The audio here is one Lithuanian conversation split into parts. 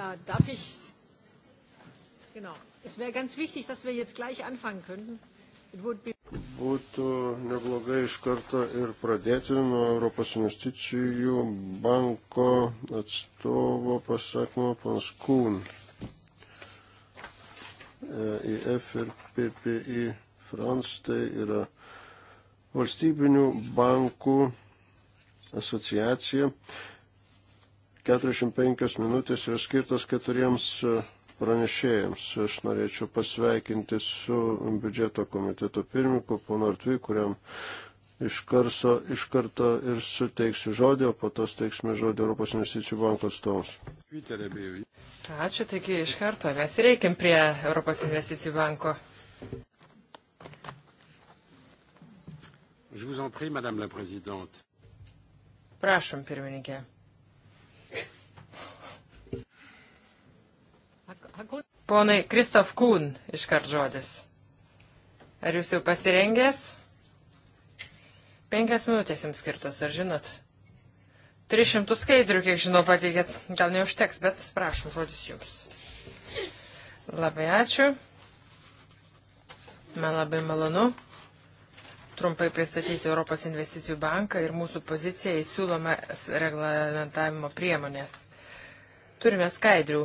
Ja, darf ich? Genau. Es wäre ganz wichtig, dass wir jetzt gleich anfangen könnten. Be... Būtų neblogai iš karto ir pradėti nuo Europos investicijų banko atstovo pasakymo Panskūn. EIF ir PPI France tai yra valstybinių bankų asociacija 45 minutės yra skirtas keturiems e, pranešėjams. Aš norėčiau pasveikinti su biudžeto komiteto pirmininku, ponu Artvy, kuriam iš, karso, iš karto ir suteiksiu žodį, o po to steiksime žodį Europos investicijų banko atstovams. Ačiū, taigi iš karto mes reikim prie Europos investicijų banko. Je vous en prie, Madame la Présidente. Prašom, pirmininkė. Ponai Kristof Kūn iškart žodis. Ar jūs jau pasirengęs? Penkias minutės jums skirtas, ar žinot? 300 skaidrių, kiek žinau, pateikėt. Gal neužteks, bet prašom žodis jums. Labai ačiū. Man labai malonu trumpai pristatyti Europos investicijų banką ir mūsų poziciją į siūlomą reglamentavimo priemonės. Turime skaidrių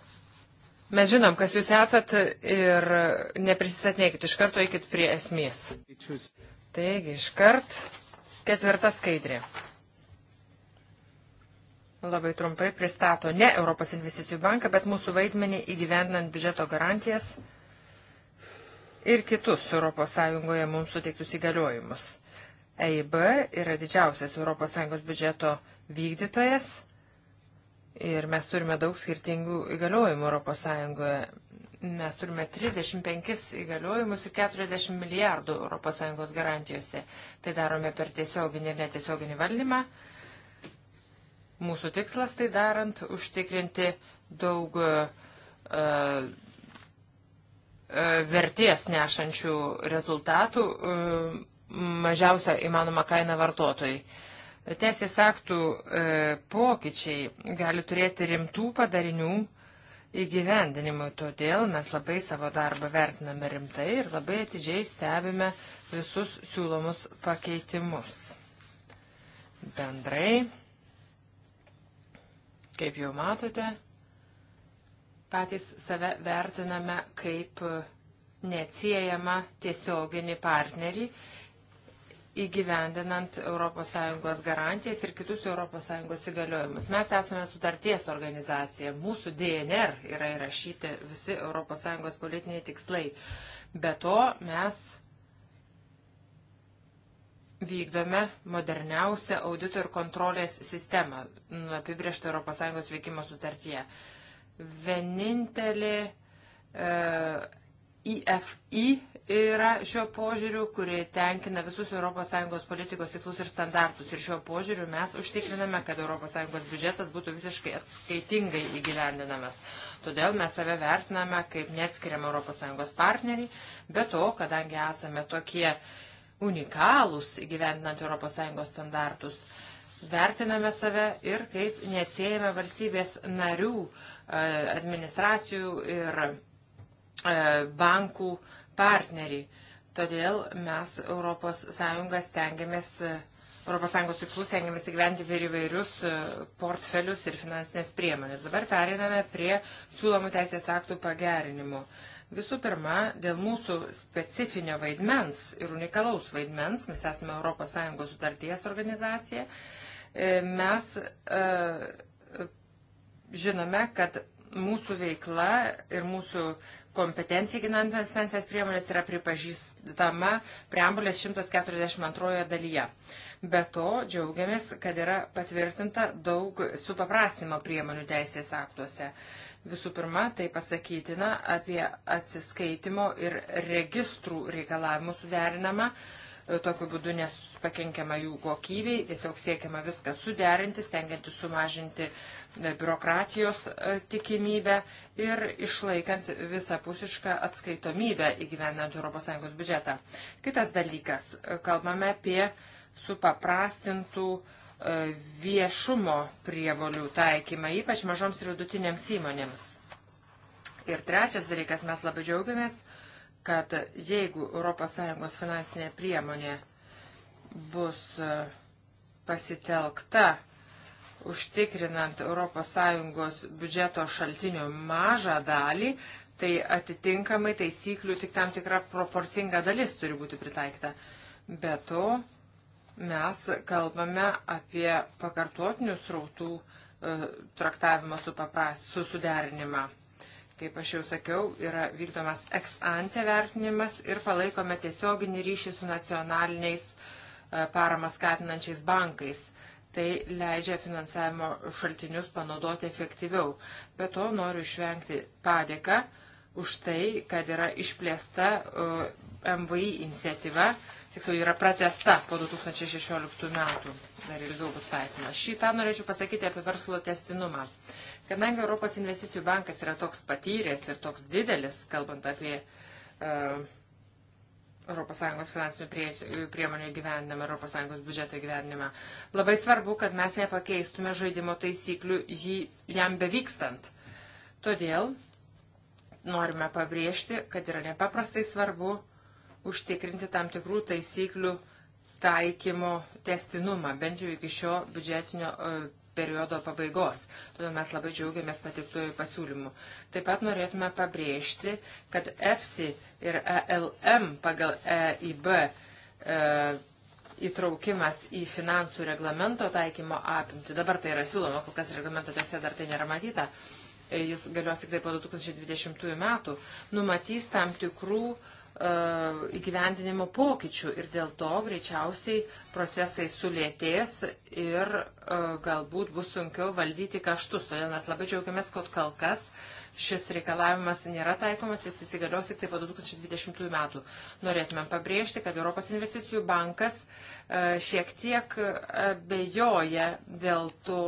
Mes žinom, kas jūs esat ir neprisistatinėkit, iš karto eikit prie esmės. Taigi, iškart ketvirta skaidrė. Labai trumpai pristato ne Europos investicijų banką, bet mūsų vaidmenį įgyvendinant biudžeto garantijas ir kitus ES mums suteiktus įgaliojimus. EIB yra didžiausias ES biudžeto vykdytojas Ir mes turime daug skirtingų įgaliojimų Europos Sąjungoje. Mes turime 35 įgaliojimus ir 40 milijardų Europos Sąjungos garantijose. Tai darome per tiesioginį ir netiesioginį valdymą. Mūsų tikslas tai darant užtikrinti daug uh, vertės nešančių rezultatų uh, e, mažiausią įmanomą kainą vartotojai. Uh, Teisės aktų e, pokyčiai gali turėti rimtų padarinių įgyvendinimui, todėl mes labai savo darbą vertiname rimtai ir labai atidžiai stebime visus siūlomus pakeitimus. Bendrai, kaip jau matote, patys save vertiname kaip neatsiejama tiesioginį partnerį įgyvendinant ES garantijas ir kitus ES įgaliojimus. Mes esame sutarties organizacija, mūsų DNR yra įrašyti visi ES politiniai tikslai. Be to mes vykdome moderniausią audito ir kontrolės sistemą, nu, apibriežtą ES veikimo sutartyje. Vienintelė e, IFI yra šio požiūriu, kuri tenkina visus ES politikos tikslus ir standartus. Ir šio požiūriu mes užtikriname, kad ES biudžetas būtų visiškai atskaitingai įgyvendinamas. Todėl mes save vertiname kaip neatskiriam ES partneriai, bet to, kadangi esame tokie unikalūs įgyvendinant ES standartus, vertiname save ir kaip neatsiejame valstybės narių e, administracijų ir e, bankų uh, partneriai. Todėl mes ES stengiamės, ES tikslus stengiamės įgyventi per įvairius e, portfelius ir finansinės priemonės. Dabar periname prie siūlomų teisės aktų pagerinimų. Visų pirma, dėl mūsų specifinio vaidmens ir unikalaus vaidmens, mes esame ES sutarties organizacija, e, mes e, žinome, kad mūsų veikla ir mūsų kompetencija ginantinės sankcijas priemonės yra pripažįstama preambulės 142 dalyje. Be to, džiaugiamės, kad yra patvirtinta daug supaprastinimo priemonių teisės aktuose. Visų pirma, tai pasakytina apie atsiskaitimo ir registrų reikalavimų suderinamą E, tokiu būdu nespakenkiama jų kokybei, tiesiog siekiama viską suderinti, stengianti sumažinti e, biurokratijos e, tikimybę ir išlaikant visapusišką atskaitomybę įgyvenant ES biudžetą. Kitas dalykas, kalbame apie supaprastintų viešumo prievolių taikymą, ypač mažoms ir vidutinėms įmonėms. Ir trečias dalykas, mes labai džiaugiamės, kad jeigu ES finansinė priemonė bus e, pasitelkta užtikrinant ES biudžeto šaltinių mažą dalį, tai atitinkamai taisyklių tik tam tikra proporcinga dalis turi būti pritaikyta. Be to, mes kalbame apie pakartotinių srautų e, traktavimo su, papras, su suderinimą kaip aš jau sakiau, yra vykdomas ex ante vertinimas ir palaikome tiesioginį ryšį su nacionaliniais e, paramas skatinančiais bankais. Tai leidžia finansavimo šaltinius panaudoti efektyviau. Be to noriu išvengti padėką už tai, kad yra išplėsta e, MVI iniciatyva, tiksliau yra pratesta po 2016 metų, dar ilgiau bus taikoma. Šitą norėčiau pasakyti apie verslo testinumą. Uh, Kadangi Europos investicijų bankas yra toks patyręs ir toks didelis, kalbant apie uh, e, ES finansinių prie, priemonių gyvenimą, ES biudžeto gyvenimą. Labai svarbu, kad mes nepakeistume žaidimo taisyklių jį, jam bevykstant. Todėl norime pabrėžti, kad yra nepaprastai svarbu užtikrinti tam tikrų taisyklių taikymo testinumą, bent jau iki šio biudžetinio e, periodo pabaigos. Todėl mes labai džiaugiamės patiktojų pasiūlymų. Taip pat norėtume pabrėžti, kad EFSI ir ELM pagal EIB e, įtraukimas į finansų reglamento taikymo apimti, dabar tai yra siūloma, kol kas reglamento tiesa dar tai nėra matyta, e, jis galios tik tai po 2020 metų, numatys tam tikrų uh, E, įgyvendinimo pokyčių ir dėl to greičiausiai procesai sulėtės ir e, galbūt bus sunkiau valdyti kaštus. Todėl mes labai džiaugiamės, kad kol kas šis reikalavimas nėra taikomas, jis įsigalios tik tai po 2020 metų. Norėtumėm pabrėžti, kad Europos investicijų bankas e, šiek tiek bejoja dėl to,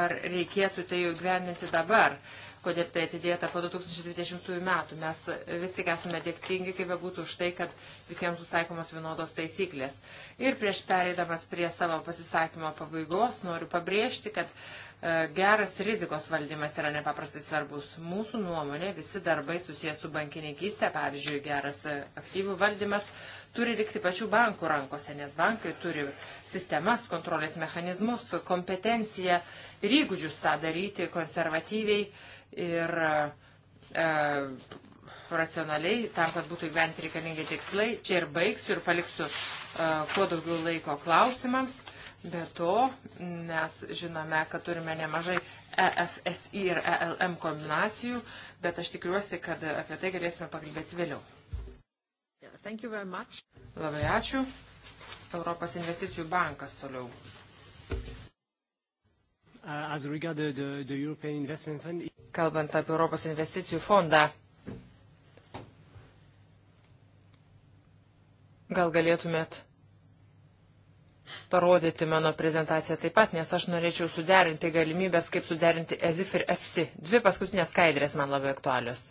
ar reikėtų tai jau gyveninti dabar kodėl tai atidėta po 2020 metų. Mes vis tik esame dėkingi, kaip bebūtų, už tai, kad visiems bus taikomos vienodos taisyklės. Ir prieš pereidamas prie savo pasisakymo pabaigos noriu pabrėžti, kad e, Geras rizikos valdymas yra nepaprastai svarbus. Mūsų nuomonė, visi darbai susijęs su bankininkystė, pavyzdžiui, geras e, aktyvų valdymas, turi likti pačių bankų rankose, nes bankai turi sistemas, kontrolės mechanizmus, kompetenciją ir įgūdžius tą daryti konservatyviai ir e, racionaliai, tam, kad būtų įgyventi reikalingi tikslai. Čia ir baigsiu ir paliksiu e, kuo daugiau laiko klausimams. Be to, mes žinome, kad turime nemažai EFSI ir ELM kombinacijų, bet aš tikiuosi, kad apie tai galėsime pakalbėti vėliau. Yeah, Labai ačiū. Europos investicijų bankas toliau. Uh, as regard the, the, the European Investment Fund. Kalbant apie Europos investicijų fondą, gal galėtumėt parodyti mano prezentaciją taip pat, nes aš norėčiau suderinti galimybės, kaip suderinti EZIF ir EFSI. Dvi paskutinės skaidrės man labai aktualios.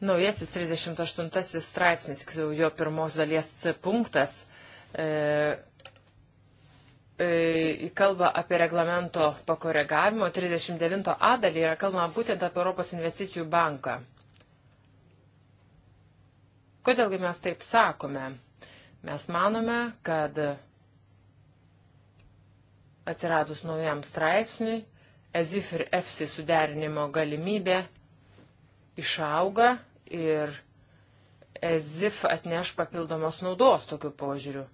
Naujasis 38 straipsnis, jo pirmos dalies C punktas, e, E, kalba apie reglamento pakoregavimo 39a dalį yra kalbama būtent apie Europos investicijų banką. Kodėlgi mes taip sakome? Mes manome, kad atsiradus naujam straipsniui, EZIF ir EFSI suderinimo galimybė išauga ir EZIF atneš papildomos naudos tokiu požiūriu.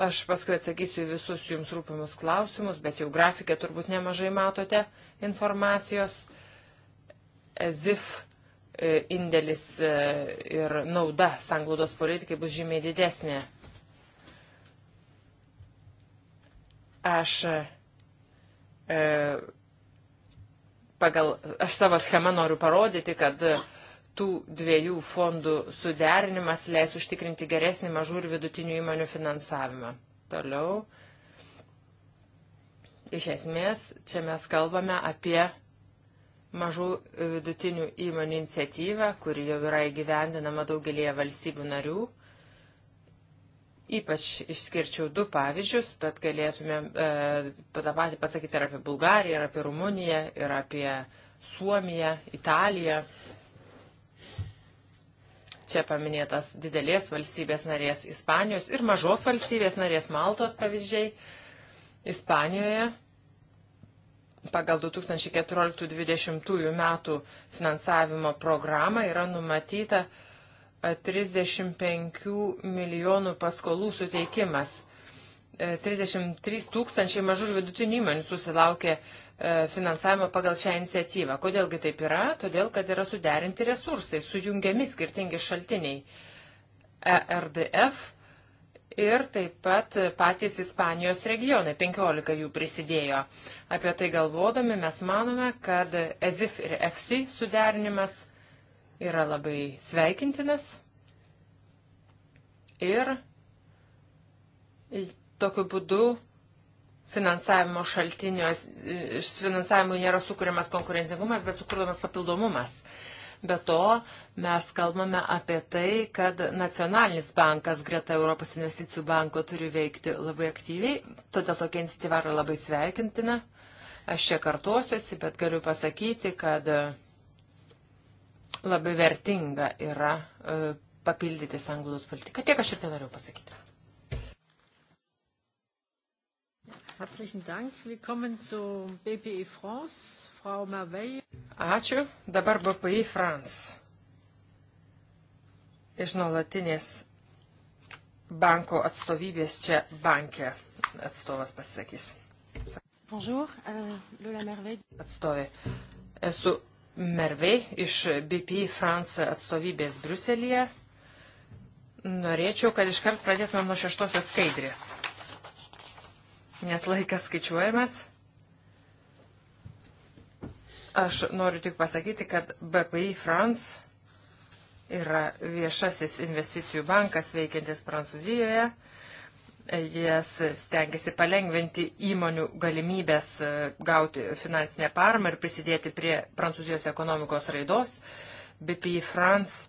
Aš paskui atsakysiu visus jums rūpimus klausimus, bet jau grafikė turbūt nemažai matote informacijos. ZIF e, indėlis e, ir nauda sanglaudos politikai bus žymiai didesnė. Aš e, pagal, aš savo schemą noriu parodyti, kad tų dviejų fondų suderinimas leis užtikrinti geresnį mažų ir vidutinių įmonių finansavimą. Toliau. Iš esmės, čia mes kalbame apie mažų vidutinių įmonių iniciatyvą, kuri jau yra įgyvendinama daugelėje valstybių narių. Ypač išskirčiau du pavyzdžius, bet galėtume e, tą patį pasakyti ir apie Bulgariją, ir apie Rumuniją, ir apie Suomiją, Italiją. Čia paminėtas didelės valstybės narės Ispanijos ir mažos valstybės narės Maltos pavyzdžiai. Ispanijoje pagal 2014-2020 metų finansavimo programą yra numatyta 35 e, milijonų paskolų suteikimas. 33 e, tūkstančiai mažų ir vidutinių įmonių susilaukė E, finansavimą pagal šią iniciatyvą. Kodėlgi taip yra? Todėl, kad yra suderinti resursai, sujungiami skirtingi šaltiniai. ERDF ir taip pat patys Ispanijos regionai, 15 jų prisidėjo. Apie tai galvodami mes manome, kad EZIF ir EFSI suderinimas yra labai sveikintinas ir tokiu būdu finansavimo šaltinios, iš finansavimų nėra sukūriamas konkurencingumas, bet sukūriamas papildomumas. Be to, mes kalbame apie tai, kad nacionalinis bankas greta Europos investicijų banko turi veikti labai aktyviai, todėl tokia iniciatyva yra labai sveikintina. Aš čia kartuosiuosi, bet galiu pasakyti, kad e, labai vertinga yra e, papildyti sanglaudos politiką. Tiek aš ir tai norėjau pasakyti. Herzlichen Dank. Willkommen zu BPI e France, Frau Merveille. Ačiū. Dabar BPI e France. Iš nuolatinės banko atstovybės čia bankė atstovas pasisakys. Bonjour, uh, Lola Merveille. Atstovė. Esu Mervei iš BPI e France atstovybės Bruselėje. Norėčiau, kad iškart pradėtumėm nuo šeštosios skaidrės nes laikas skaičiuojamas. Aš noriu tik pasakyti, kad BPI France yra viešasis investicijų bankas veikiantis Prancūzijoje. Jas stengiasi palengventi įmonių galimybės e, gauti finansinę paramą ir prisidėti prie Prancūzijos ekonomikos raidos. BPI France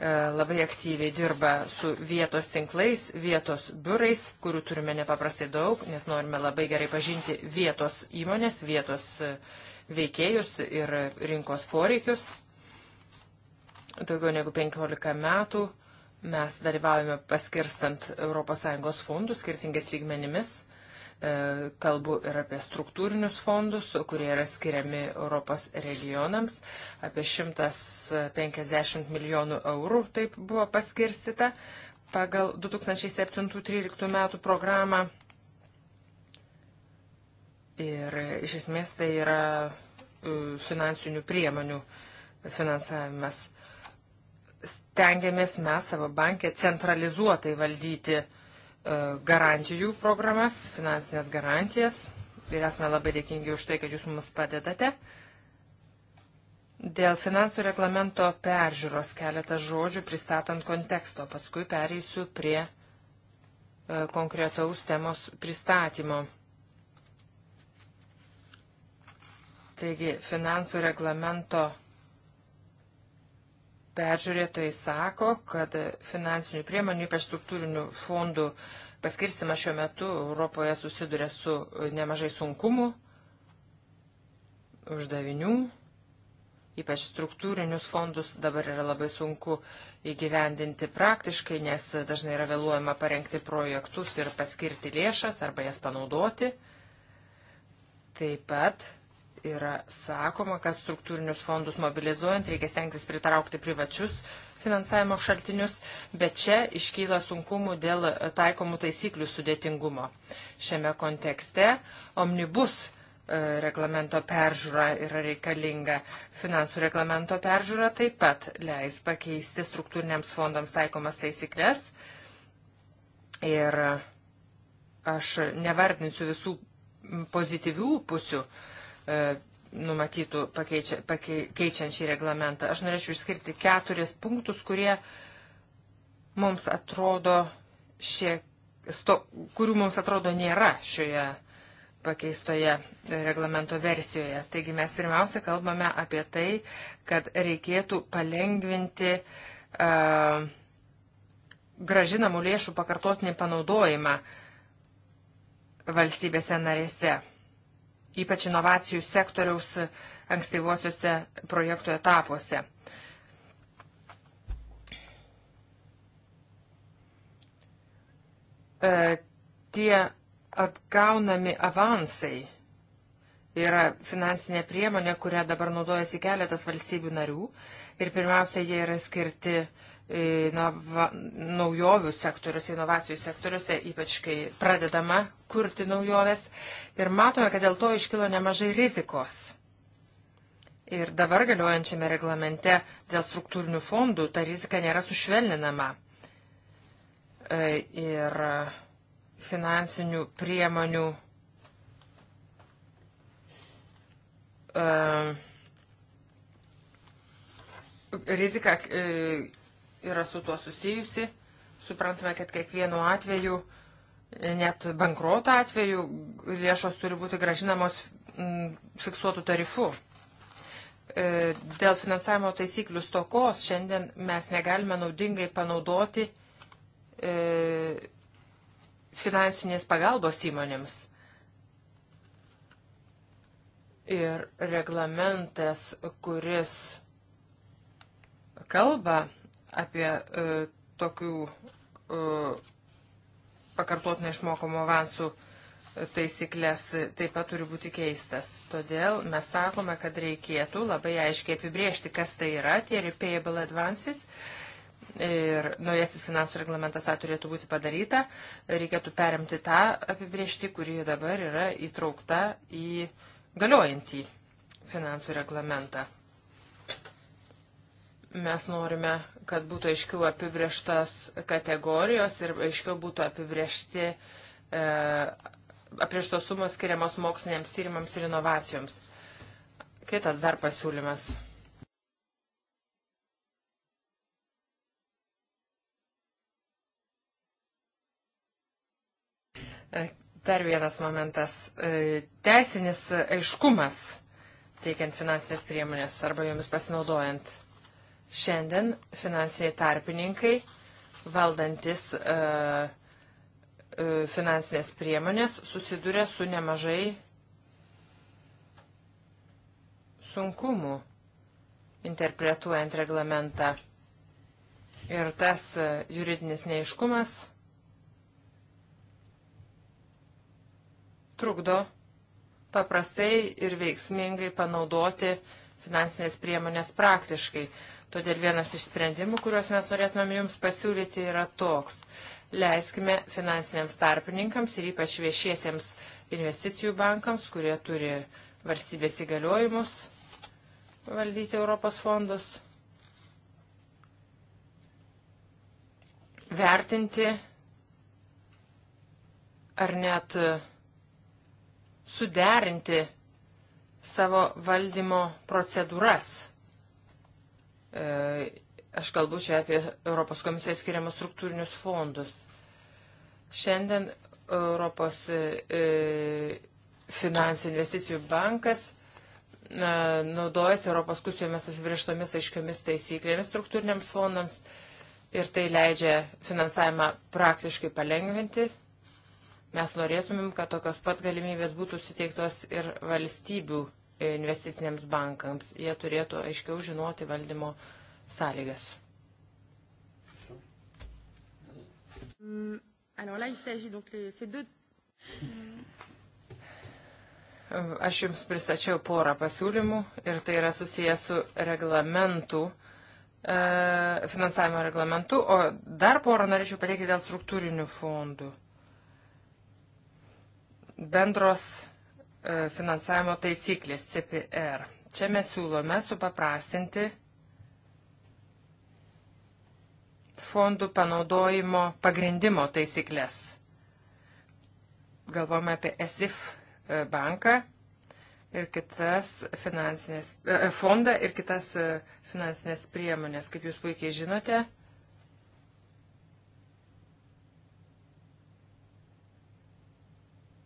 E, labai aktyviai dirba su vietos tinklais, vietos biurais, kurių turime nepaprastai daug, nes norime labai gerai pažinti vietos įmonės, vietos e, veikėjus ir rinkos poreikius. Daugiau negu 15 metų mes dalyvaujame paskirstant ES fondų skirtingais lygmenimis. E, kalbu ir apie struktūrinius fondus, kurie yra skiriami Europos regionams. Apie 150 milijonų eurų taip buvo paskirstita pagal 2007-2013 metų programą. Ir iš esmės tai yra e, finansinių priemonių finansavimas. Stengiamės mes savo bankę centralizuotai valdyti uh, E, garantijų programas, finansinės garantijas. Ir esame labai dėkingi už tai, kad jūs mums padedate. Dėl finansų reglamento peržiūros keletą žodžių pristatant konteksto, paskui pereisiu prie e, konkretaus temos pristatymo. Taigi, finansų reglamento peržiūros Peržiūrėtojai sako, kad finansinių priemonių, ypač struktūrinių fondų paskirstimas šiuo metu Europoje susiduria su nemažai sunkumų, uždavinių. Ypač struktūrinius fondus dabar yra labai sunku įgyvendinti praktiškai, nes dažnai yra vėluojama parengti projektus ir paskirti lėšas arba jas panaudoti. Taip pat yra sakoma, kad struktūrinius fondus mobilizuojant reikia stengtis pritraukti privačius finansavimo šaltinius, bet čia iškyla sunkumų dėl taikomų taisyklių sudėtingumo. Šiame kontekste omnibus e, reglamento peržiūra yra reikalinga. Finansų reglamento peržiūra taip pat leis pakeisti struktūriniams fondams taikomas taisyklės. Ir aš nevardinsiu visų pozityvių pusių, uh, E, numatytų pakeičia, pakeičiant šį reglamentą. Aš norėčiau išskirti keturis punktus, kurie mums atrodo šiek, sto, kurių mums atrodo nėra šioje pakeistoje reglamento versijoje. Taigi mes pirmiausia kalbame apie tai, kad reikėtų palengvinti uh, gražinamų lėšų pakartotinį panaudojimą valstybėse narėse ypač inovacijų sektoriaus ankstyvuosiuose projektų etapuose. E, tie atgaunami avansai yra finansinė priemonė, kurią dabar naudojasi keletas valstybių narių ir pirmiausia, jie yra skirti uh, inova, naujovių sektoriuose, inovacijų sektoriuose, ypač kai pradedama kurti naujoves. Ir matome, kad dėl to iškilo nemažai rizikos. Ir dabar galiojančiame reglamente dėl struktūrinių fondų ta rizika nėra sušvelninama. E, ir finansinių priemonių e, rizika e, yra su tuo susijusi. Suprantame, kad kiekvienu atveju, net bankruoto atveju, lėšos turi būti gražinamos mm, fiksuotų tarifų. E, dėl finansavimo taisyklių stokos šiandien mes negalime naudingai panaudoti e, finansinės pagalbos įmonėms. Ir reglamentas, kuris kalba apie e, tokių e, pakartotinai išmokomų avansų e, taisyklės taip pat turi būti keistas. Todėl mes sakome, kad reikėtų labai aiškiai apibriežti, kas tai yra tie repayable advances. Ir naujasis finansų reglamentas tą turėtų būti padaryta. Reikėtų perimti tą apibriežti, kuri dabar yra įtraukta į galiojantį finansų reglamentą. Mes norime, kad būtų aiškiau apibrieštas kategorijos ir aiškiau būtų apibriešti e, aprieštos sumos skiriamos moksliniams tyrimams ir inovacijoms. Kitas dar pasiūlymas. E, dar vienas momentas. E, teisinis aiškumas teikiant finansinės priemonės arba jomis pasinaudojant. Šiandien finansiniai tarpininkai, valdantis uh, finansinės priemonės, susiduria su nemažai sunkumų interpretuojant reglamentą. Ir tas e, juridinis neiškumas trukdo paprastai ir veiksmingai panaudoti finansinės priemonės praktiškai. Todėl vienas iš sprendimų, kuriuos mes norėtumėm jums pasiūlyti, yra toks. Leiskime finansiniams tarpininkams ir ypač viešiesiems investicijų bankams, kurie turi valstybės įgaliojimus valdyti Europos fondus, vertinti ar net suderinti savo valdymo procedūras E, aš kalbu čia apie Europos komisijos skiriamus struktūrinius fondus. Šiandien Europos e, e, finansų investicijų bankas naudojasi Europos kusijomis apibrieštomis aiškiomis taisyklėmis struktūriniams fondams ir tai leidžia finansavimą praktiškai palengvinti. Mes norėtumėm, kad tokios pat galimybės būtų suteiktos ir valstybių investiciniams bankams. Jie turėtų aiškiau žinoti valdymo sąlygas. Mm, alors là, il s'agit donc les, ces deux. Aš Jums pristačiau porą pasiūlymų ir tai yra susijęs su reglamentu, e, finansavimo reglamentu, o dar porą norėčiau pateikti dėl struktūrinių fondų. Bendros E, finansavimo taisyklės CPR. Čia mes siūlome supaprastinti fondų panaudojimo pagrindimo taisyklės. Galvome apie ESIF e, banką ir kitas finansinės, e, fondą ir kitas finansinės priemonės. Kaip jūs puikiai žinote,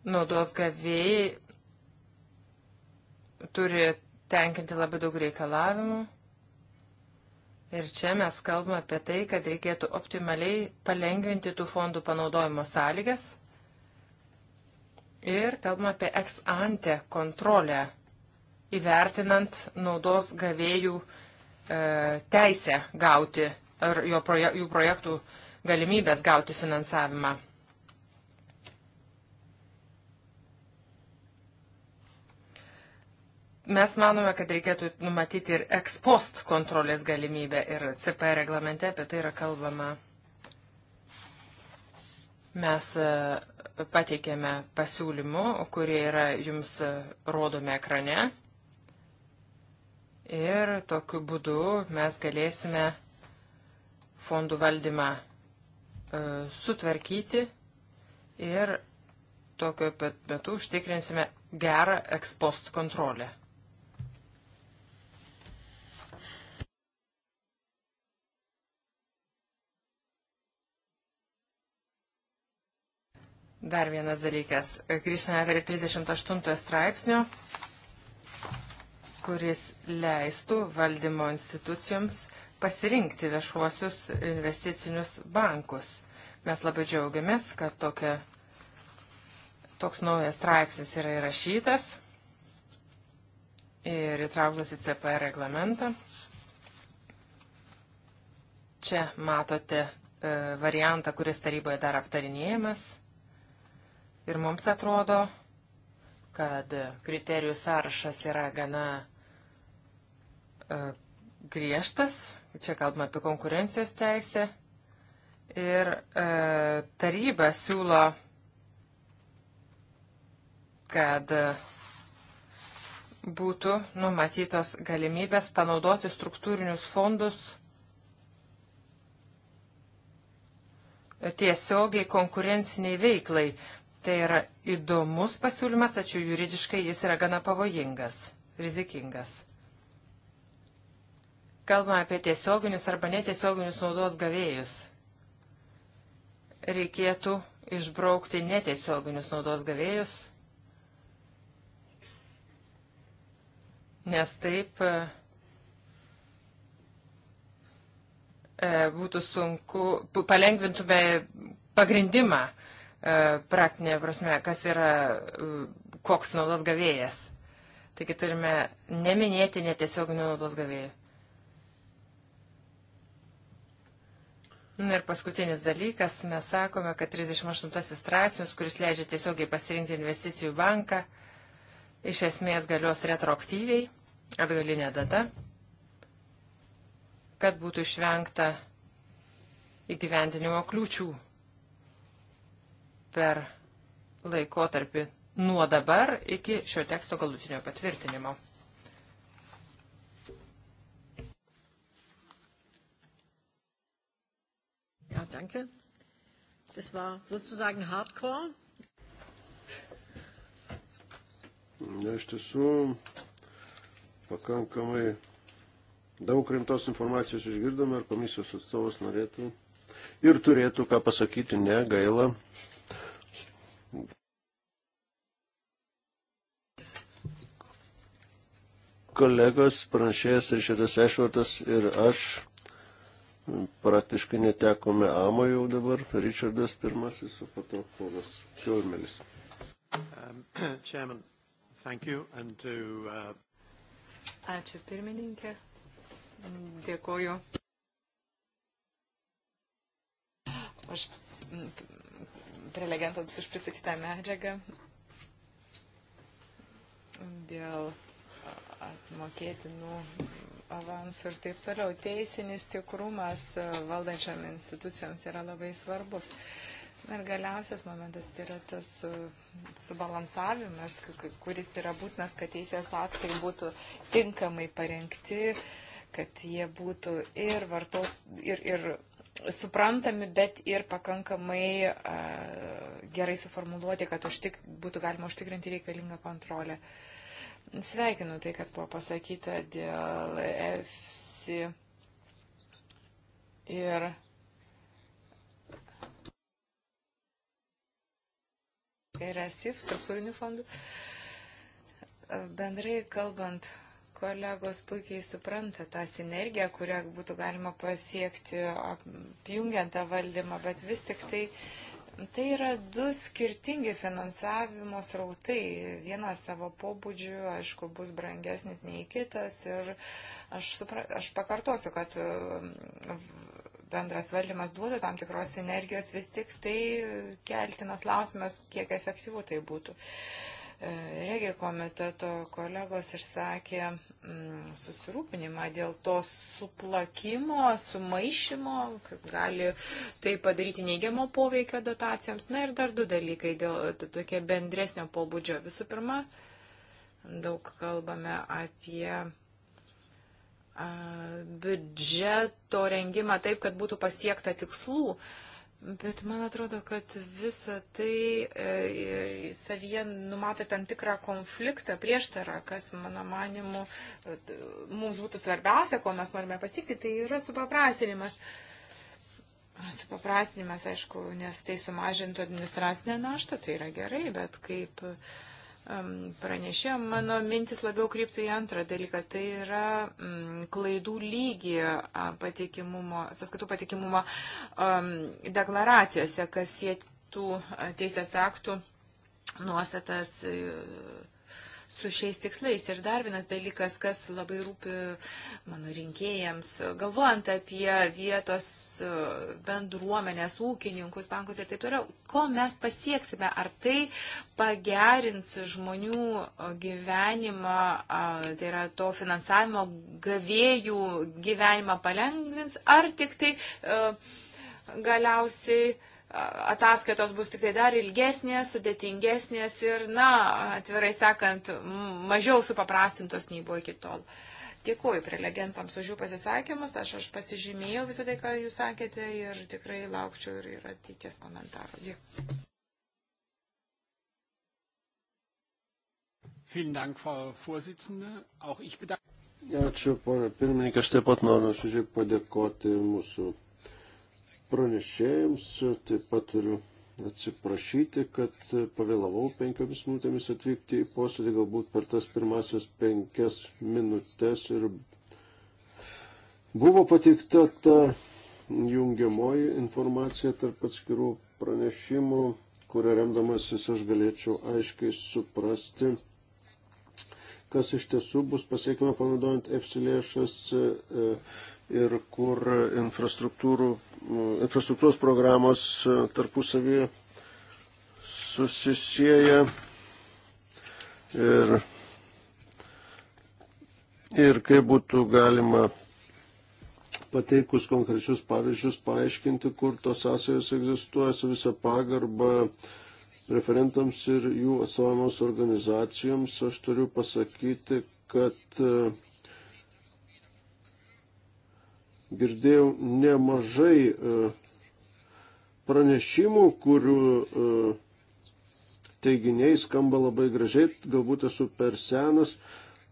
naudos gavėjai turi tenkinti labai daug reikalavimų. Ir čia mes kalbame apie tai, kad reikėtų optimaliai palengvinti tų fondų panaudojimo sąlygas. Ir kalbame apie ex ante kontrolę, įvertinant naudos gavėjų e, teisę gauti ar jo proje, jų projektų galimybės gauti finansavimą. Mes manome, kad reikėtų numatyti ir ekspost kontrolės galimybę ir CP reglamente apie tai yra kalbama. Mes e, pateikėme pasiūlymų, kurie yra jums e, rodomi ekrane. Ir tokiu būdu mes galėsime fondų valdymą e, sutvarkyti ir tokiu pat metu užtikrinsime gerą ekspost kontrolę. Dar vienas dalykas. Grįžtame prie 38 straipsnio, kuris leistų valdymo institucijoms pasirinkti viešuosius investicinius bankus. Mes labai džiaugiamės, kad tokia, toks naujas straipsnis yra įrašytas ir įtrauktas į CPR reglamentą. Čia matote e, variantą, kuris taryboje dar aptarinėjamas Ir mums atrodo, kad kriterijų sąrašas yra gana uh, griežtas, čia kalbame apie konkurencijos teisę, ir uh, taryba siūlo, kad uh, būtų numatytos galimybės panaudoti struktūrinius fondus tiesiogiai konkurenciniai veiklai, Tai yra įdomus pasiūlymas, tačiau juridiškai jis yra gana pavojingas, rizikingas. Kalbame apie tiesioginius arba netiesioginius naudos gavėjus. Reikėtų išbraukti netiesioginius naudos gavėjus, nes taip e, būtų sunku, palengvintume pagrindimą e, E, praktinė prasme, kas yra e, koks naudos gavėjas. Taigi turime neminėti netiesioginių naudos gavėjų. Na nu ir paskutinis dalykas, mes sakome, kad 38 straipsnis, kuris leidžia tiesiogiai pasirinkti investicijų banką, iš esmės galios retroaktyviai, atgalinė data, kad būtų išvengta įgyvendinimo kliūčių per laikotarpį nuo dabar iki šio teksto galutinio patvirtinimo. Ja, danke. Das war sozusagen hardcore. Ja, iš tiesų, pakankamai daug rimtos informacijos išgirdome ir komisijos atstovas norėtų ir turėtų ką pasakyti, ne gaila, kolegos, pranešėjas Rišardas Ešvartas ir aš praktiškai netekome amo jau dabar. Ričardas pirmasis, o po to ponas Čiurmelis. Um, uh, Ačiū pirmininkė. Dėkoju. Aš prelegentams už pristatytą medžiagą dėl apmokėtinų avansų ir taip toliau. Teisinis tikrumas e, valdančiam institucijoms yra labai svarbus. Ir galiausias momentas yra tas e, subalansavimas, kuris yra būtinas, kad teisės aktai būtų tinkamai parengti, kad jie būtų ir, varto, ir, ir suprantami, bet ir pakankamai a, e, gerai suformuluoti, kad užtik, būtų galima užtikrinti reikalingą kontrolę. A, Sveikinu tai, kas buvo pasakyta dėl EFSI ir ir ESIF struktūrinių fondų. Bendrai kalbant, kolegos puikiai supranta tą sinergiją, kurią būtų galima pasiekti apjungiant tą valdymą, bet vis tik tai uh, Tai yra du skirtingi finansavimo srautai. Vienas savo pobūdžiu, aišku, bus brangesnis nei kitas. Ir aš, supra, aš pakartosiu, kad um, bendras valdymas duoda tam tikros sinergijos, vis tik tai keltinas klausimas, kiek efektyvu tai būtų. E, regio komiteto kolegos išsakė mm, susirūpinimą dėl to suplakimo, sumaišymo, kad gali tai padaryti neigiamo poveikio dotacijoms. Na ir dar du dalykai dėl tokie bendresnio pobūdžio. Visų pirma, daug kalbame apie biudžeto rengimą taip, kad būtų pasiekta tikslų. Uh, Bet man atrodo, kad visa tai e, e, savyje numato tam tikrą konfliktą, prieštarą, kas, mano manimu, e, mums būtų svarbiausia, ko mes norime pasiekti, tai yra supaprastinimas. Supaprastinimas, aišku, nes tai sumažintų administracinę naštą, tai yra gerai, bet kaip. E, pranešė, mano mintis labiau kryptų į antrą dalyką, tai yra mm, klaidų lygį patikimumo, sąskaitų patikimumo deklaracijose, kas sėtų teisės aktų nuostatas su šiais tikslais. Ir dar vienas dalykas, kas labai rūpi mano rinkėjams, galvojant apie vietos e, bendruomenės, ūkininkus, bankus ir taip toliau, ko mes pasieksime, ar tai pagerins žmonių e, gyvenimą, tai yra to finansavimo gavėjų gyvenimą palengvins, ar tik tai e, galiausiai ataskaitos bus tik tai dar ilgesnės, sudėtingesnės ir, na, atvirai sakant, mažiau supaprastintos nei buvo iki tol. Dėkuoju prelegentams už jų pasisakymus, aš, aš pasižymėjau visą tai, ką jūs sakėte ir tikrai laukčiau ir, ir ateities komentarų. Dėkui. Vielen Dank, Frau Vorsitzende. Auch ich bedanke. Ačiū, ponė pirmininkė, aš taip pat noriu nuoširdžiai padėkoti mūsų pranešėjams. Taip pat turiu atsiprašyti, kad pavėlavau penkiomis minutėmis atvykti į posėdį, galbūt per tas pirmasis penkias minutės ir buvo patikta ta jungiamoji informacija tarp atskirų pranešimų, kuria remdamasis aš galėčiau aiškiai suprasti kas iš tiesų bus pasiekima panaudojant EFSI lėšas e, ir kur infrastruktūros programos e, tarpusavį susisieja ir, ir kaip būtų galima pateikus konkrečius pavyzdžius paaiškinti, kur tos sąsajos egzistuoja su visą pagarbą referentams ir jų atstovamoms organizacijoms. Aš turiu pasakyti, kad e, girdėjau nemažai e, pranešimų, kurių e, teiginiai skamba labai gražiai, galbūt esu per senas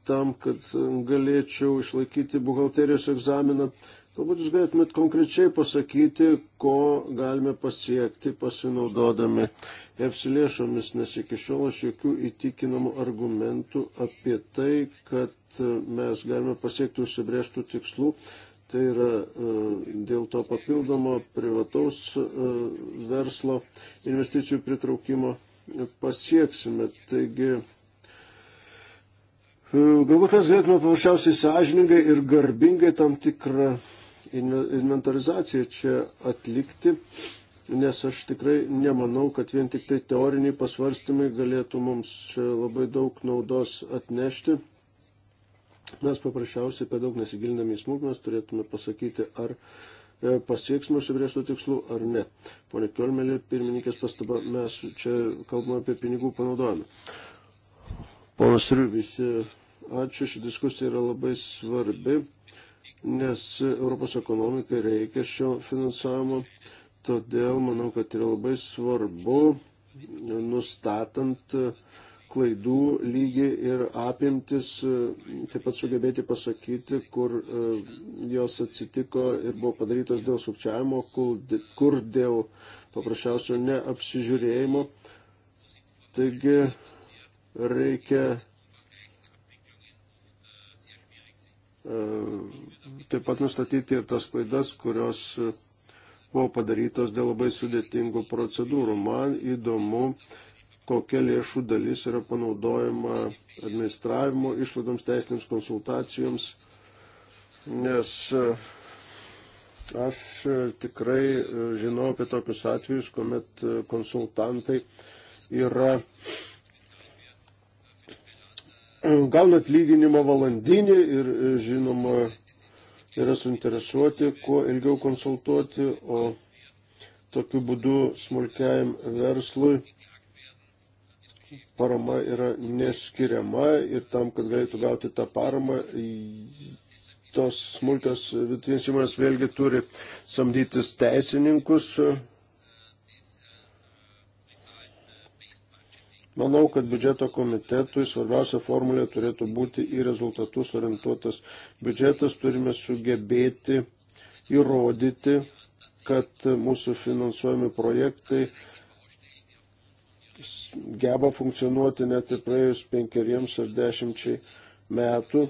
tam, kad galėčiau išlaikyti buhalterijos egzaminą. Galbūt jūs galėtumėt konkrečiai pasakyti, ko galime pasiekti pasinaudodami EFSI lėšomis, nes iki šiol aš jokių įtikinamų argumentų apie tai, kad mes galime pasiekti užsibrėžtų tikslų, Tai yra e, dėl to papildomo privataus e, verslo investicijų pritraukimo pasieksime. Taigi, e, galbūt mes galėtume paprasčiausiai sąžiningai ir garbingai tam tikrą inventarizaciją čia atlikti, nes aš tikrai nemanau, kad vien tik tai teoriniai pasvarstymai galėtų mums labai daug naudos atnešti. Mes paprasčiausiai per daug nesigilindami į smulkmes turėtume pasakyti, ar e, pasieksime užsibrėžtų tikslų ar ne. Pone Kiolmelė, pirmininkės pastaba, mes čia kalbame apie pinigų panaudojimą. Ponas Riubis, e, ačiū, ši diskusija yra labai svarbi, nes Europos ekonomikai reikia šio finansavimo, todėl manau, kad yra labai svarbu e, nustatant uh, klaidų lygį ir apimtis, e, taip pat sugebėti pasakyti, kur e, jos atsitiko ir buvo padarytos dėl sukčiavimo, kur dėl paprasčiausio neapsižiūrėjimo. Taigi reikia e, taip pat nustatyti ir tas klaidas, kurios buvo padarytos dėl labai sudėtingų procedūrų. Man įdomu, kokia lėšų dalis yra panaudojama administravimo išlaidoms, teisinėms konsultacijoms, nes e, aš e, tikrai e, žinau apie tokius atvejus, kuomet konsultantai yra gauna atlyginimą valandinį ir žinoma yra suinteresuoti, kuo ilgiau konsultuoti, o tokiu būdu smulkiajam verslui parama yra neskiriama ir tam, kad galėtų gauti tą paramą, tos smulkios vidutinės įmonės vėlgi turi samdytis teisininkus. Manau, kad biudžeto komitetui svarbiausia formulė turėtų būti į rezultatus orientuotas biudžetas. Turime sugebėti įrodyti, kad mūsų finansuojami projektai geba funkcionuoti net ir praėjus penkeriems ar dešimčiai metų.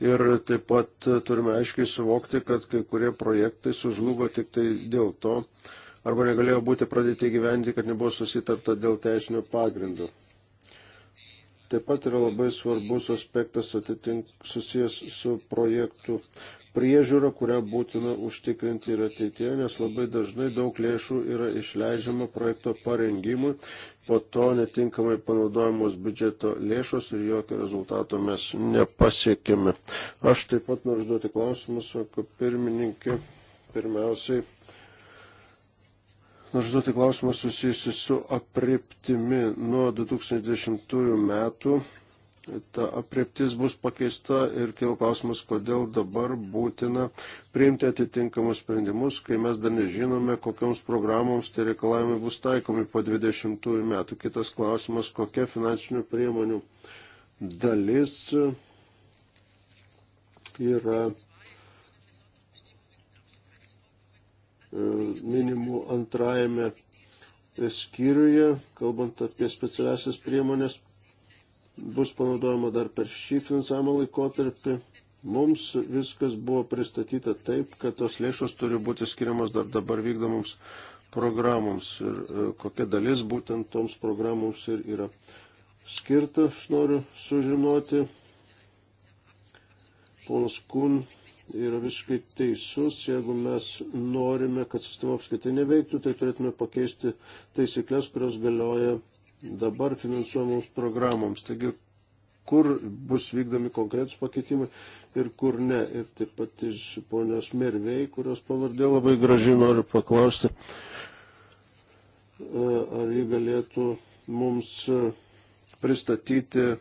Ir taip pat turime aiškiai suvokti, kad kai kurie projektai sužlugo tik tai dėl to, arba negalėjo būti pradėti gyventi, kad nebuvo susitarta dėl teisinio pagrindo. Taip pat yra labai svarbus aspektas atitink susijęs su projektų priežiūra, kurią būtina užtikrinti ir ateitie, nes labai dažnai daug lėšų yra išleidžiama projekto parengimui, po to netinkamai panaudojamos biudžeto lėšos ir jokio rezultato mes nepasiekėme. Aš taip pat noriu užduoti klausimus, sako pirmininkė, pirmiausiai užduoti klausimą susijusi su apriptimi nuo 2010 metų. Ta apriptis bus pakeista ir kil klausimas, kodėl dabar būtina priimti atitinkamus sprendimus, kai mes dar nežinome, kokioms programoms tie reikalavimai bus taikomi po 20 metų. Kitas klausimas, kokia finansinių priemonių dalis yra E, minimų antrajame skyriuje, kalbant apie specialiasias priemonės, bus panaudojama dar per šį finansavimo laikotarpį. Mums viskas buvo pristatyta taip, kad tos lėšos turi būti skiriamas dar dabar vykdomoms programoms ir e, kokia dalis būtent toms programoms ir yra skirta, aš noriu sužinoti. Ponas Kun yra visiškai teisus. Jeigu mes norime, kad sistema apskaitai neveiktų, tai turėtume pakeisti taisyklės, kurios galioja dabar finansuojamoms programoms. Taigi, kur bus vykdomi konkretus pakeitimai ir kur ne. Ir taip pat iš ponios Mervei, kurios pavardė labai gražiai noriu paklausti, e, ar ji galėtų mums e, pristatyti e,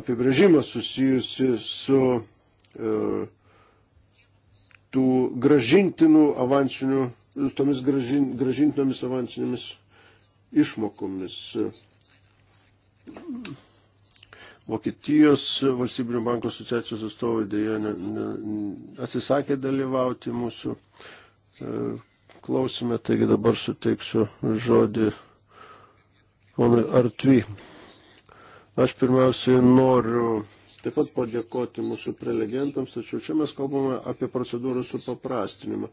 apibrėžimą susijusi su tų gražintinų avansinių, tomis gražin, gražintinomis avansinėmis išmokomis. Vokietijos valstybinio banko asociacijos atstovai dėja ne, ne, atsisakė dalyvauti mūsų e, klausime, taigi dabar suteiksiu žodį ponui Artvi. Aš pirmiausiai noriu taip pat padėkoti mūsų prelegentams, tačiau čia mes kalbame apie procedūrų supaprastinimą.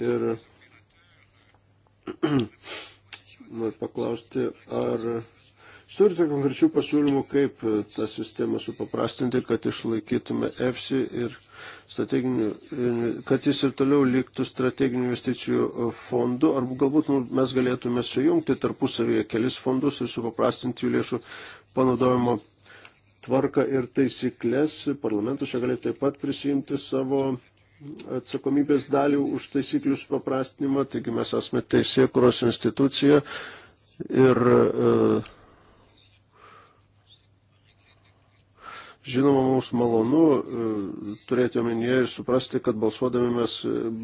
Ir noriu paklausti, ar turite konkrečių pasiūlymų, kaip tą sistemą supaprastinti, kad išlaikytume EFSI ir kad jis ir toliau liktų strateginių investicijų fondu, arba galbūt nu, mes galėtume sujungti tarpusavyje kelis fondus ir supaprastinti jų lėšų panaudojimo tvarką ir taisyklės. Parlamentas čia galėtų taip pat prisijimti savo atsakomybės dalį už taisyklių supaprastinimą, taigi mes esame teisėkuros institucija ir e, žinoma mums malonu e, turėti omenyje ir suprasti, kad balsuodami mes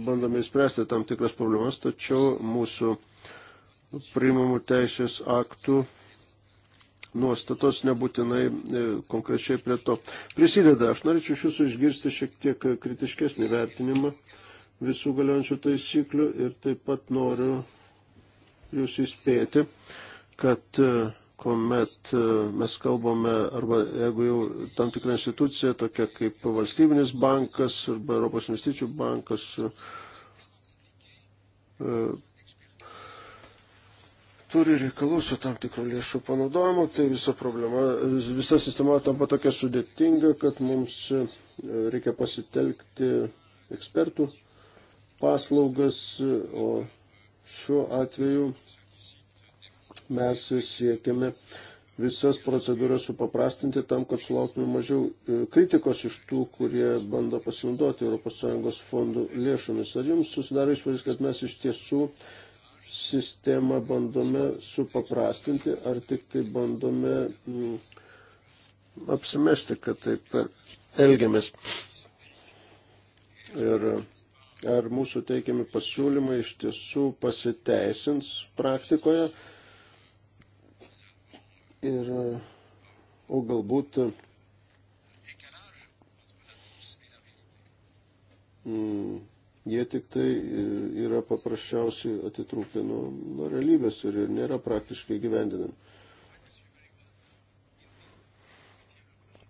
bandome įspręsti tam tikras problemas, tačiau mūsų priimamų teisės aktų nuostatos nebūtinai e, konkrečiai prie to prisideda. Aš norėčiau iš jūsų išgirsti šiek tiek kritiškesnį vertinimą visų galiojančių taisyklių ir taip pat noriu jūs įspėti, kad e, kuomet e, mes kalbame, arba jeigu jau tam tikra institucija, tokia kaip valstybinis bankas arba Europos investicijų bankas, turi reikalų su tam tikrų lėšų panaudojimu, tai visa problema, visa sistema tampa tokia sudėtinga, kad mums e, reikia pasitelkti ekspertų paslaugas, o šiuo atveju mes siekiame visas procedūras supaprastinti tam, kad sulauktume mažiau e, kritikos iš tų, kurie bando pasinaudoti ES fondų lėšomis. Ar jums susidaro įspūdis, kad mes iš tiesų uh, sistemą bandome supaprastinti, ar tik tai bandome m, mm, apsimesti, kad taip elgiamės. Ir ar mūsų teikiami pasiūlymai iš tiesų pasiteisins praktikoje. Ir, o galbūt mm, jie tik tai e, yra paprasčiausiai atitrūkę nuo, nuo realybės ir nėra praktiškai gyvendinami.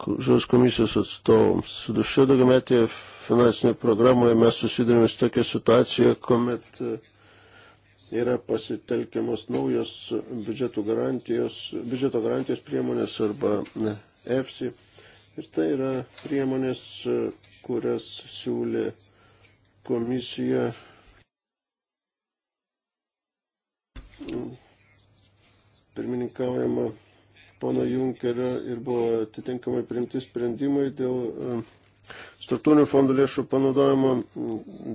Žodžios komisijos atstovams. Dušio daugiametėje finansinėje programoje mes susidurime su tokia situacija, kuomet e, yra pasitelkiamos naujos biudžeto garantijos, biudžeto garantijos priemonės arba e, EFSI. Ir tai yra priemonės, kurias siūlė uh, komisija pirmininkaujama pono Junkerio ir buvo atitinkamai priimti sprendimai dėl e, struktūrinių fondų lėšų panaudojimo,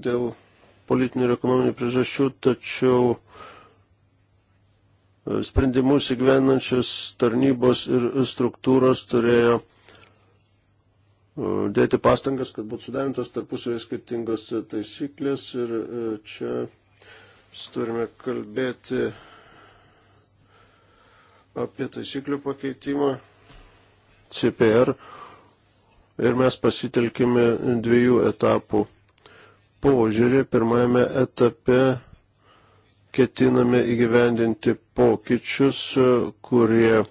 dėl politinių ir ekonominių priežasčių, tačiau e, sprendimus įgyvenančios tarnybos ir struktūros turėjo dėti pastangas, kad būtų sudarintos tarpusavėje skirtingos taisyklės ir e, čia turime kalbėti apie taisyklių pakeitimą CPR ir mes pasitelkime dviejų etapų požiūrį. Pirmajame etape ketiname įgyvendinti pokyčius, kurie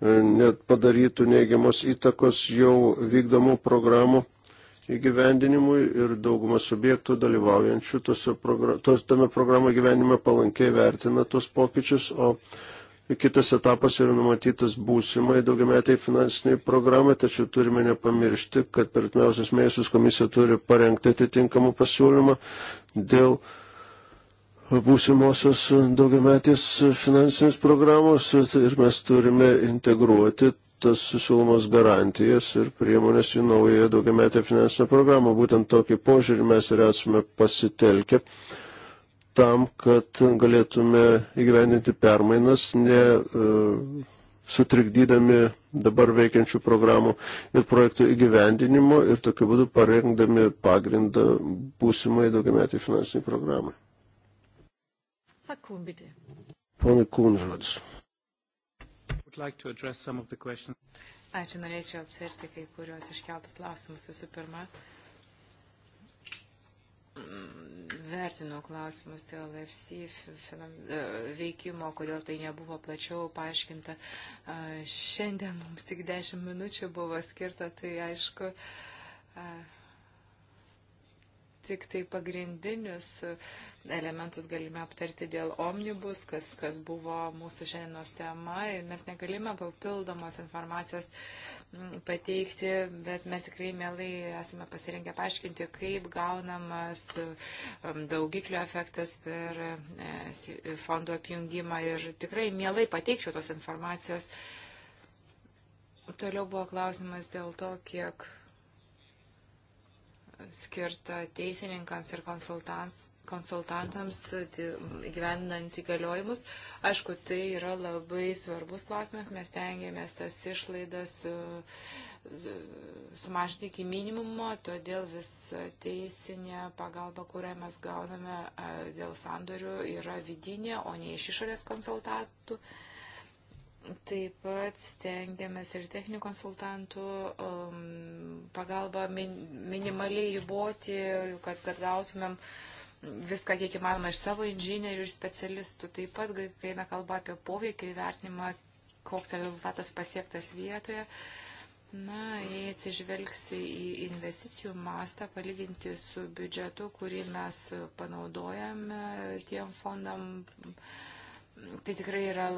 E, net padarytų neigiamos įtakos jau vykdomų programų įgyvendinimui ir dauguma subjektų dalyvaujančių progr tos, tame programo gyvenime palankiai vertina tos pokyčius, o kitas etapas yra numatytas būsimai daugiametai finansiniai programai, tačiau turime nepamiršti, kad per atmiausias mėnesius komisija turi parengti atitinkamų pasiūlymą dėl uh, būsimosios daugiametės finansinės programos ir mes turime integruoti tas siūlomas garantijas ir priemonės į naują daugiametę finansinę programą. Būtent tokį požiūrį mes ir esame pasitelkę tam, kad galėtume įgyvendinti permainas, ne uh, sutrikdydami dabar veikiančių programų ir projektų įgyvendinimo ir tokiu būdu parengdami pagrindą būsimai daugiametį finansinį programą. Pakūn, bitė. Pone Kūnžodis. Ačiū, norėčiau apsirti kai kurios iškeltas klausimus. Visų pirma, vertinu klausimus dėl FC e, veikimo, kodėl tai nebuvo plačiau paaiškinta. Šiandien mums tik 10 minučių buvo skirta, tai aišku. Uh, tik tai pagrindinius elementus galime aptarti dėl omnibus, kas, kas buvo mūsų šiandienos tema ir mes negalime papildomos informacijos mm, pateikti, bet mes tikrai mielai esame pasirengę paaiškinti, kaip gaunamas mm, daugiklio efektas per e, fondo apjungimą ir tikrai mielai pateikčiau tos informacijos. Toliau buvo klausimas dėl to, kiek skirta teisininkams ir konsultantams gyvendant įgaliojimus. Aišku, tai yra labai svarbus klausimas, mes tengiamės tas išlaidas e, sumažinti iki minimumo, todėl visa teisinė pagalba, kurią mes gauname e, dėl sandorių, yra vidinė, o ne iš išorės konsultantų. Uh, Taip pat stengiamės ir techninių konsultantų um, pagalba min, minimaliai riboti, kad, kad gautumėm viską, kiek įmanoma, iš savo inžinierių ir specialistų. Taip pat, kai eina kalba apie poveikį įvertinimą, koks rezultatas pasiektas vietoje. Na, jei atsižvelgsi į investicijų mastą, palyginti su biudžetu, kurį mes panaudojame tiem fondam, tai tikrai yra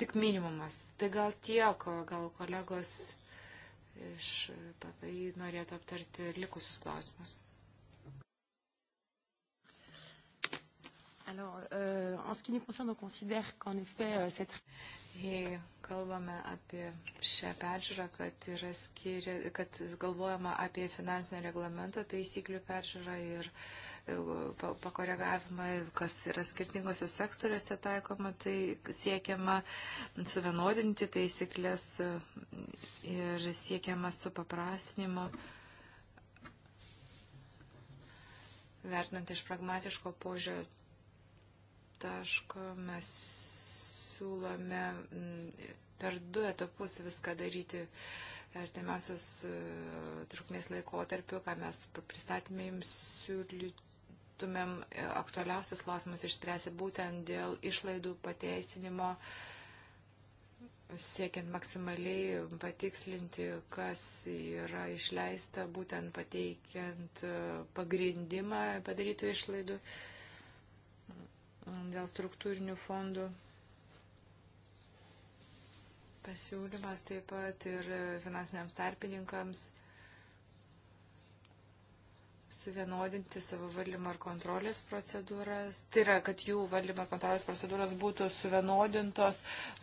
tik minimumas. Tai gal tiek, gal kolegos iš PPI norėtų aptarti likusius klausimus. Alors, euh, en ce qui nous concerne, on considère qu'en effet, euh, cette jei kalbame apie šią peržiūrą, kad, skiria, kad galvojama apie finansinio reglamento taisyklių peržiūrą ir e, pakoregavimą, kas yra skirtingose sektoriuose taikoma, tai siekiama suvienodinti taisyklės e, ir siekiama supaprastinimo, vertinant iš pragmatiško požiūrio taško mes siūlome mm, per du etapus viską daryti artimiausios e, trukmės laikotarpiu, ką mes pristatymė jums siūlytumėm e, aktualiausius klausimus išspręsti būtent dėl išlaidų pateisinimo, siekiant maksimaliai patikslinti, kas yra išleista, būtent pateikiant e, pagrindimą padarytų išlaidų dėl struktūrinių fondų pasiūlymas taip pat ir finansiniams tarpininkams suvienodinti savo valdymo ir kontrolės procedūras. Tai yra, kad jų valdymo ir kontrolės procedūros būtų suvienodintos,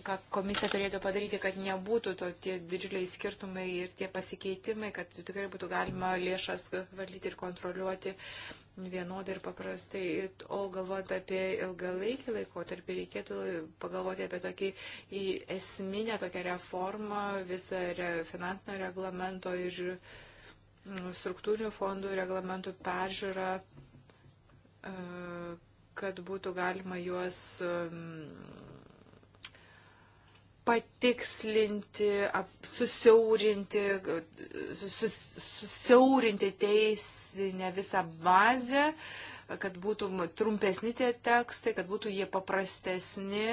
kad komisija turėtų padaryti, kad nebūtų to tie didžiuliai skirtumai ir tie pasikeitimai, kad tikrai būtų galima lėšas valdyti ir kontroliuoti vienodai ir paprastai. O galvojant apie ilgalaikį laikotarpį, reikėtų pagalvoti apie tokį esminę tokią reformą visą re, finansinio reglamento ir struktūrinių fondų reglamentų peržiūrą, e, kad būtų galima juos patikslinti, susiaurinti, sus, susiaurinti teisinę visą bazę, kad būtų trumpesni tie tekstai, kad būtų jie paprastesni.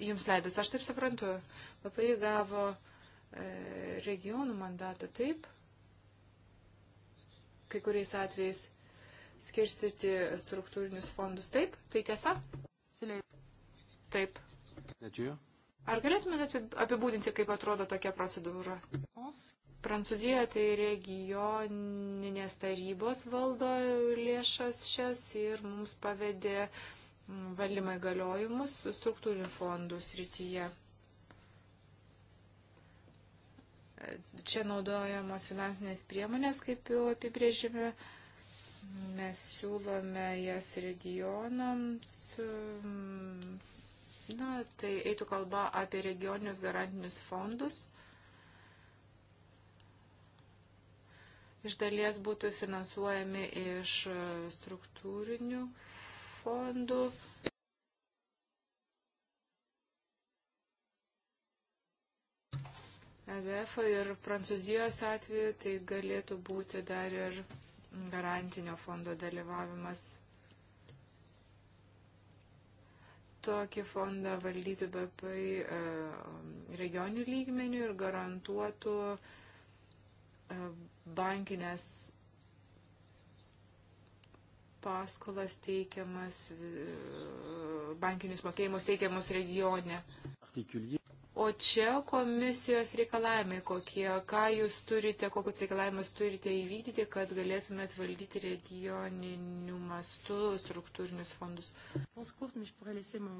Jums leidus, aš taip suprantu, labai gavo uh, E, regionų mandatą. Taip, kai kuriais atvejais skirstyti struktūrinius fondus. Taip, tai tiesa? Taip. Ar galėtumėte apibūdinti, kaip atrodo tokia procedūra? Prancūzijoje tai regioninės tarybos valdo lėšas šias ir mums pavedė valdymą įgaliojimus struktūrinių fondų srityje. čia naudojamos finansinės priemonės, kaip jau apibrėžime. Mes siūlome jas regionams. Na, tai eitų kalba apie regioninius garantinius fondus. Iš dalies būtų finansuojami iš struktūrinių fondų. EDF ir Prancūzijos atveju tai galėtų būti dar ir garantinio fondo dalyvavimas. Tokį fondą valdytų BPI e, regionių lygmenių ir garantuotų e, bankinės paskolas teikiamas, e, bankinius mokėjimus teikiamus regione. O čia komisijos reikalavimai kokie, ką jūs turite, kokius reikalavimus turite įvykdyti, kad galėtumėt valdyti regioninių mastų struktūrinius fondus. Euh,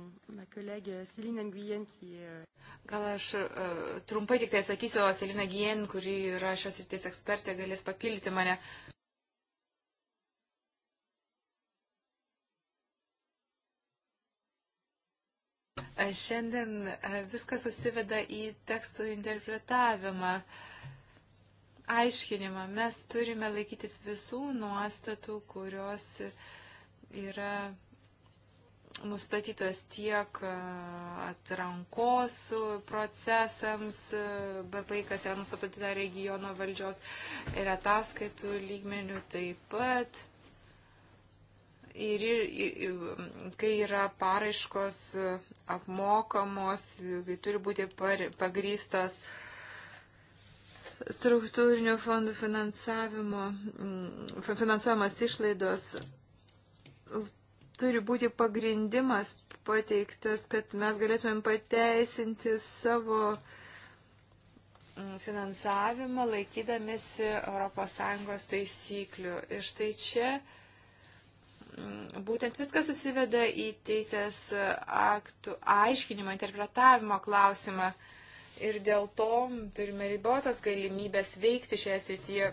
euh, Gal aš uh, trumpai tik tai atsakysiu, o Selina Gien, kuri yra šios rytis ekspertė, galės papildyti mane. Šiandien viskas susiveda į tekstų interpretavimą, aiškinimą. Mes turime laikytis visų nuostatų, kurios yra nustatytos tiek atrankos procesams, BPI, kas yra nustatyta regiono valdžios ir ataskaitų lygmenių taip pat Ir, kai yra paraiškos e, apmokamos, kai turi būti pagrystos struktūrinių fondų finansavimo, finansuojamas išlaidos, turi būti pagrindimas pateiktas, kad mes galėtumėm pateisinti savo finansavimą laikydamėsi ES taisyklių. Ir štai čia būtent viskas susiveda į teisės aktų aiškinimo, interpretavimo klausimą. Ir dėl to turime ribotas galimybės veikti šioje srityje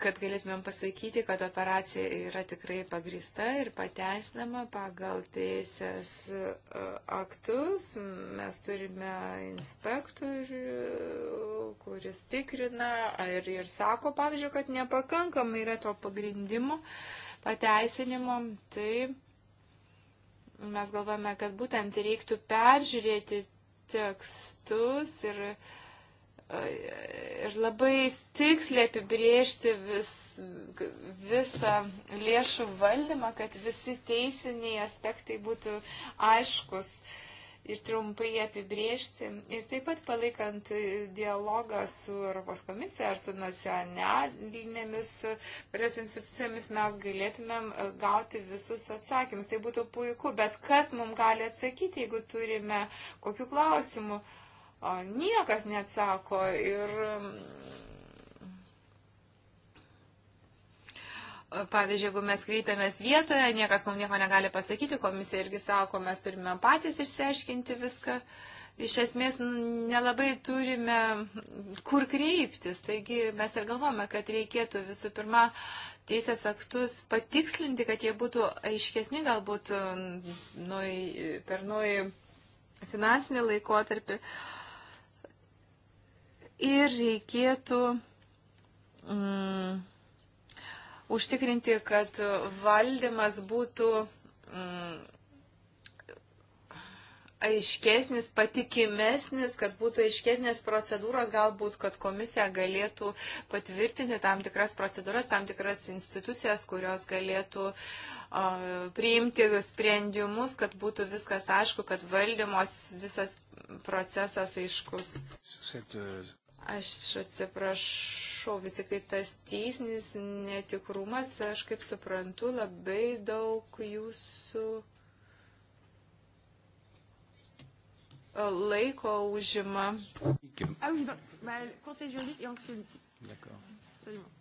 kad galėtumėm pasakyti, kad operacija yra tikrai pagrista ir pateisinama pagal teisės e, aktus. Mes turime inspektorių, kuris tikrina ir, ir sako, pavyzdžiui, kad nepakankamai yra to pagrindimo, pateisinimo. Tai mes galvame, kad būtent reiktų peržiūrėti tekstus ir uh, ir labai tiksliai apibriežti vis, visą lėšų valdymą, kad visi teisiniai aspektai būtų aiškus ir trumpai apibriežti. Ir taip pat palaikant dialogą su Europos komisija ar su nacionalinėmis valios institucijomis mes galėtumėm gauti visus atsakymus. Tai būtų puiku, bet kas mums gali atsakyti, jeigu turime kokių klausimų? Uh, niekas neatsako ir mm, Pavyzdžiui, jeigu mes kreipiamės vietoje, niekas mums nieko negali pasakyti, komisija irgi sako, mes turime patys išsiaiškinti viską. Iš esmės nelabai turime mm, kur kreiptis, taigi mes ir galvome, kad reikėtų visų pirma teisės aktus patikslinti, kad jie būtų aiškesni galbūt mm, nuo, per nuo finansinį laikotarpį. Uh, ir reikėtų mm, užtikrinti, kad valdymas būtų mm, aiškesnis, patikimesnis, kad būtų aiškesnės procedūros, galbūt, kad komisija galėtų patvirtinti tam tikras procedūras, tam tikras institucijas, kurios galėtų uh, priimti sprendimus, kad būtų viskas aišku, kad valdymos visas procesas aiškus. Aš atsiprašau, vis tik tai tas teisnis netikrumas, aš kaip suprantu, labai daug jūsų e, laiko užima. Ah oui, bah, le conseil juridique et anxiolytique. D'accord. Absolument.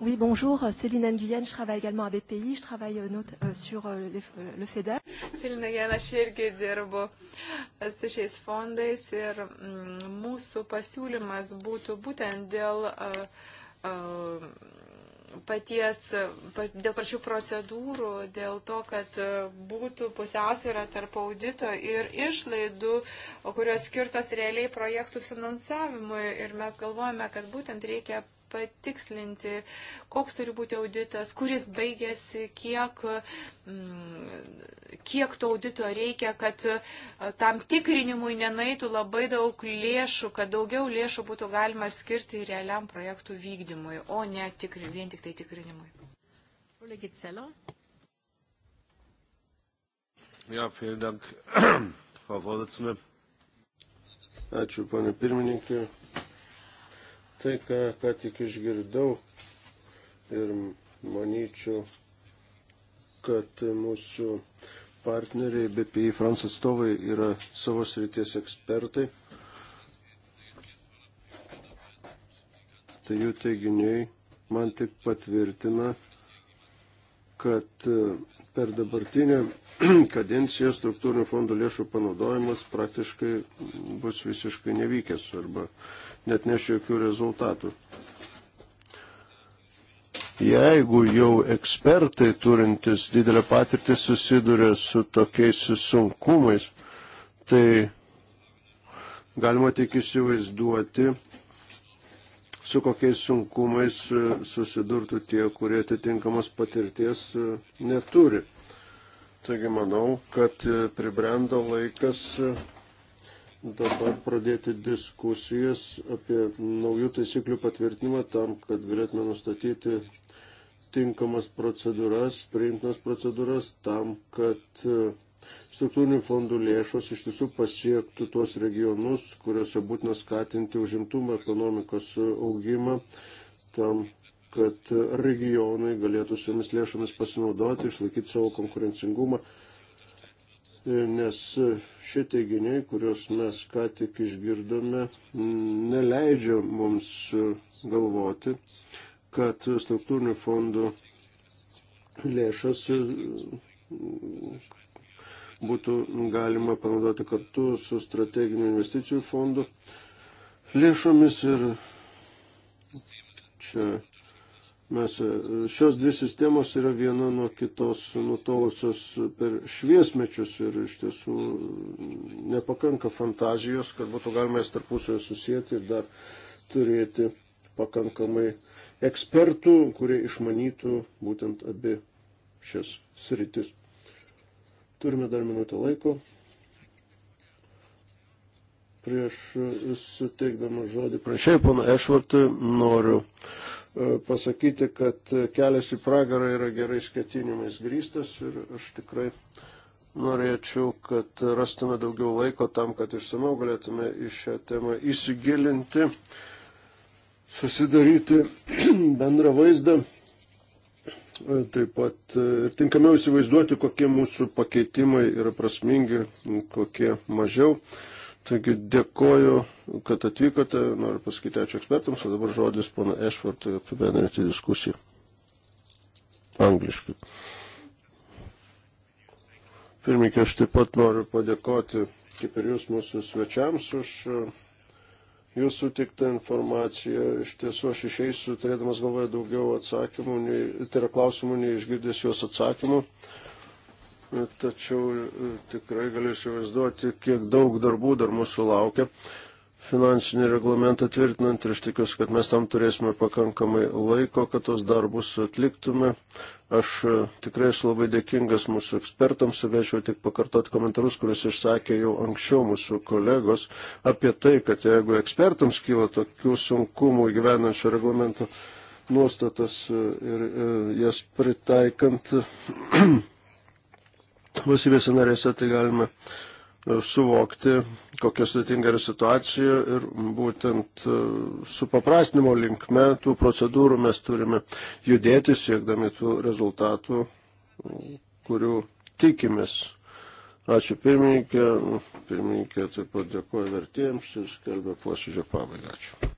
Oui, bonjour, euh, Céline Nguyen, je travaille également à BPI, je travaille euh, not, euh, sur euh, euh le, le FEDER. Céline Nguyen, aš irgi e dirbu e euh, su šiais fondais ir mūsų pasiūlymas būtų būtent dėl uh, uh, paties, dėl pačių procedūrų, dėl to, kad būtų pusiausvėra tarp audito ir išlaidų, kurios skirtos realiai projektų finansavimui. Ir mes galvojame, kad būtent reikia patikslinti, koks turi būti auditas, kuris baigėsi, kiek, mm, kiek to audito reikia, kad e, tam tikrinimui nenaitų labai daug lėšų, kad daugiau lėšų būtų galima skirti realiam projektų vykdymui, o ne tikri, vien tik tai tikrinimui. Ja, vielen Dank, Frau Vorsitzende. Ačiū, ponė pirmininkė. Tai, ką, ką tik išgirdau ir manyčiau, kad mūsų partneriai, BPI France atstovai yra savo srities ekspertai. Tai jų teiginiai man tik patvirtina, kad e, per dabartinę kadenciją struktūrinių fondų lėšų panaudojimas praktiškai bus visiškai nevykęs arba net neš jokių rezultatų. Jeigu jau ekspertai turintis didelę patirtį susiduria su tokiais sunkumais, tai galima tik įsivaizduoti, su kokiais sunkumais e, susidurtų tie, kurie atitinkamos patirties e, neturi. Taigi manau, kad e, pribrendo laikas dabar pradėti diskusijas apie naujų taisyklių patvirtinimą tam, kad galėtume nustatyti tinkamas procedūras, priimtinas procedūras tam, kad e, struktūrinių fondų lėšos iš tiesų pasiektų tuos regionus, kuriuose būtina skatinti užimtumą, ekonomikos augimą, tam, kad regionai galėtų šiomis lėšomis pasinaudoti, išlaikyti savo konkurencingumą nes šie teiginiai, kuriuos mes ką tik išgirdome, neleidžia mums galvoti, kad struktūrinių fondų lėšas mm, būtų galima panaudoti kartu su strateginių investicijų fondu lėšomis ir čia mes e, šios dvi sistemos yra viena nuo kitos nutolusios per šviesmečius ir iš tiesų nepakanka fantazijos, kad būtų galima jas tarpusioje susijęti ir dar turėti pakankamai ekspertų, kurie išmanytų būtent abi šias sritis. Turime dar minutę laiko. Prieš suteikdama žodį pranešėjai, pana Ešvartui, noriu E, pasakyti, kad kelias į pragarą yra gerais ketinimais grįstas ir aš tikrai norėčiau, kad rastume daugiau laiko tam, kad išsameu galėtume į šią temą įsigilinti, susidaryti bendrą vaizdą, e, taip pat e, ir tinkamiau įsivaizduoti, kokie mūsų pakeitimai yra prasmingi, kokie mažiau. Taigi dėkoju, kad atvykote, noriu pasakyti ačiū ekspertams, o dabar žodis pana Ešvartui apibendrinti diskusiją. Angliškai. Pirmininkė, aš taip pat noriu padėkoti, kaip ir jūs, mūsų svečiams už jūsų sutiktą informaciją. Iš tiesų, aš išeisiu, turėdamas galvoje daugiau atsakymų, nei, tai yra klausimų, nei išgirdęs juos atsakymų. Uh, tačiau e, tikrai galiu įsivaizduoti, kiek daug darbų dar mūsų laukia finansinį reglamentą tvirtinant ir aš tikiuosi, kad mes tam turėsime pakankamai laiko, kad tos darbus atliktume. Aš e, tikrai esu labai dėkingas mūsų ekspertams ir galėčiau tik pakartoti komentarus, kuris išsakė jau anksčiau mūsų kolegos apie tai, kad jeigu ekspertams kyla tokių sunkumų gyvenančio reglamento nuostatas e, ir jas pritaikant valstybėse narėse, tai galime e, suvokti, kokia sudėtinga yra situacija ir būtent e, su paprastinimo linkme tų procedūrų mes turime judėti, siekdami tų rezultatų, kurių tikimės. Ačiū pirmininkė, pirmininkė taip pat dėkoju vertėjams ir skelbė posėdžio pabaigą. Ačiū.